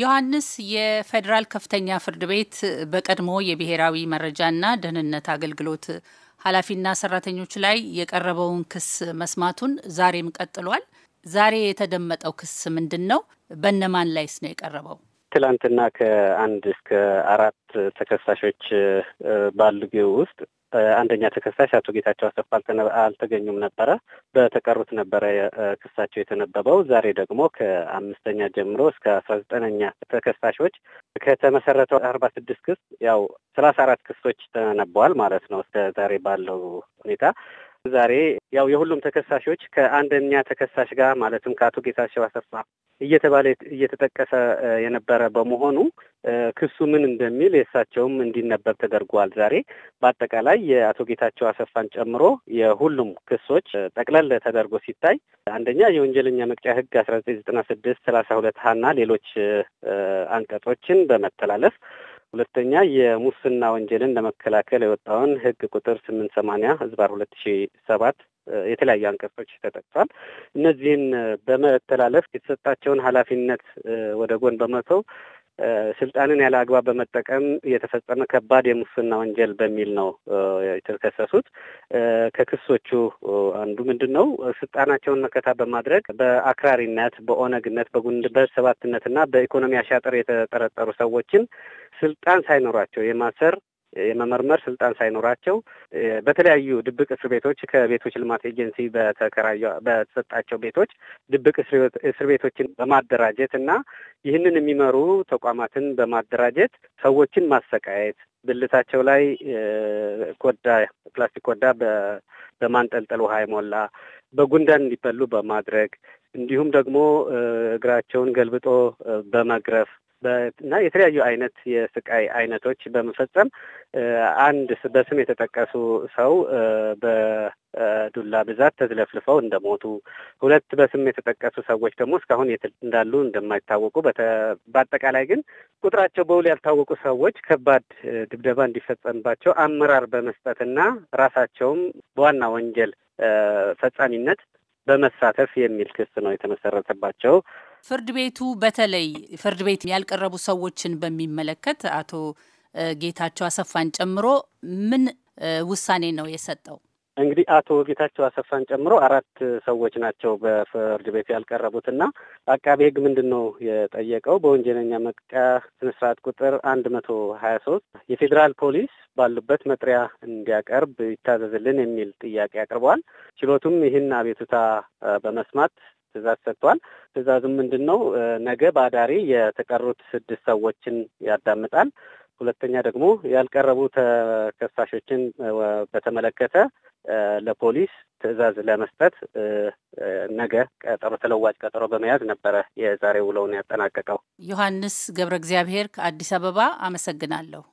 ዮሐንስ የፌዴራል ከፍተኛ ፍርድ ቤት በቀድሞ የብሔራዊ መረጃና ደህንነት አገልግሎት ኃላፊና ሰራተኞች ላይ የቀረበውን ክስ መስማቱን ዛሬም ቀጥሏል። ዛሬ የተደመጠው ክስ ምንድን ነው? በነማን ላይስ ነው የቀረበው? ትላንትና ከአንድ እስከ አራት ተከሳሾች ባሉ ውስጥ አንደኛ ተከሳሽ አቶ ጌታቸው አሰፋ አልተገኙም ነበረ። በተቀሩት ነበረ ክሳቸው የተነበበው። ዛሬ ደግሞ ከአምስተኛ ጀምሮ እስከ አስራ ዘጠነኛ ተከሳሾች ከተመሰረተው አርባ ስድስት ክስ ያው ሰላሳ አራት ክሶች ተነበዋል ማለት ነው እስከ ዛሬ ባለው ሁኔታ ዛሬ ያው የሁሉም ተከሳሾች ከአንደኛ ተከሳሽ ጋር ማለትም ከአቶ ጌታቸው አሰፋ እየተባለ እየተጠቀሰ የነበረ በመሆኑ ክሱ ምን እንደሚል የእሳቸውም እንዲነበብ ተደርጓል። ዛሬ በአጠቃላይ የአቶ ጌታቸው አሰፋን ጨምሮ የሁሉም ክሶች ጠቅለል ተደርጎ ሲታይ አንደኛ የወንጀለኛ መቅጫ ሕግ አስራ ዘጠኝ ዘጠና ስድስት ሰላሳ ሁለት ሀና ሌሎች አንቀጾችን በመተላለፍ ሁለተኛ የሙስና ወንጀልን ለመከላከል የወጣውን ህግ ቁጥር ስምንት ሰማንያ ህዝባር ሁለት ሺ ሰባት የተለያዩ አንቀጾች ተጠቅሷል። እነዚህን በመተላለፍ የተሰጣቸውን ኃላፊነት ወደ ጎን በመተው ስልጣንን ያለ አግባብ በመጠቀም የተፈጸመ ከባድ የሙስና ወንጀል በሚል ነው የተከሰሱት። ከክሶቹ አንዱ ምንድን ነው? ስልጣናቸውን መከታ በማድረግ በአክራሪነት፣ በኦነግነት፣ በግንቦት ሰባትነትና በኢኮኖሚ አሻጥር የተጠረጠሩ ሰዎችን ስልጣን ሳይኖራቸው የማሰር የመመርመር ስልጣን ሳይኖራቸው በተለያዩ ድብቅ እስር ቤቶች ከቤቶች ልማት ኤጀንሲ በተከራዩ በተሰጣቸው ቤቶች ድብቅ እስር ቤቶችን በማደራጀት እና ይህንን የሚመሩ ተቋማትን በማደራጀት ሰዎችን ማሰቃየት ብልታቸው ላይ ኮዳ ፕላስቲክ ኮዳ በማንጠልጠል ውሃ የሞላ በጉንዳን እንዲበሉ በማድረግ እንዲሁም ደግሞ እግራቸውን ገልብጦ በመግረፍ እና የተለያዩ አይነት የስቃይ አይነቶች በመፈጸም አንድ በስም የተጠቀሱ ሰው በዱላ ብዛት ተዝለፍልፈው እንደሞቱ፣ ሁለት በስም የተጠቀሱ ሰዎች ደግሞ እስካሁን የት እንዳሉ እንደማይታወቁ፣ በአጠቃላይ ግን ቁጥራቸው በውል ያልታወቁ ሰዎች ከባድ ድብደባ እንዲፈጸምባቸው አመራር በመስጠትና ራሳቸውም በዋና ወንጀል ፈጻሚነት በመሳተፍ የሚል ክስ ነው የተመሰረተባቸው። ፍርድ ቤቱ በተለይ ፍርድ ቤት ያልቀረቡ ሰዎችን በሚመለከት አቶ ጌታቸው አሰፋን ጨምሮ ምን ውሳኔ ነው የሰጠው? እንግዲህ አቶ ጌታቸው አሰፋን ጨምሮ አራት ሰዎች ናቸው በፍርድ ቤት ያልቀረቡት እና አቃቤ ሕግ ምንድን ነው የጠየቀው? በወንጀለኛ መቅጫ ስነ ቁጥር አንድ መቶ ሀያ ሶስት የፌዴራል ፖሊስ ባሉበት መጥሪያ እንዲያቀርብ ይታዘዝልን የሚል ጥያቄ አቅርበዋል። ችሎቱም ይህን አቤቱታ በመስማት ትእዛዝ ሰጥቷል። ትእዛዙም ምንድን ነው? ነገ በአዳሪ የተቀሩት ስድስት ሰዎችን ያዳምጣል። ሁለተኛ ደግሞ ያልቀረቡ ተከሳሾችን በተመለከተ ለፖሊስ ትዕዛዝ ለመስጠት ነገ ቀጠሮ ተለዋጭ ቀጠሮ በመያዝ ነበረ የዛሬ ውለውን ያጠናቀቀው። ዮሐንስ ገብረ እግዚአብሔር ከአዲስ አበባ አመሰግናለሁ።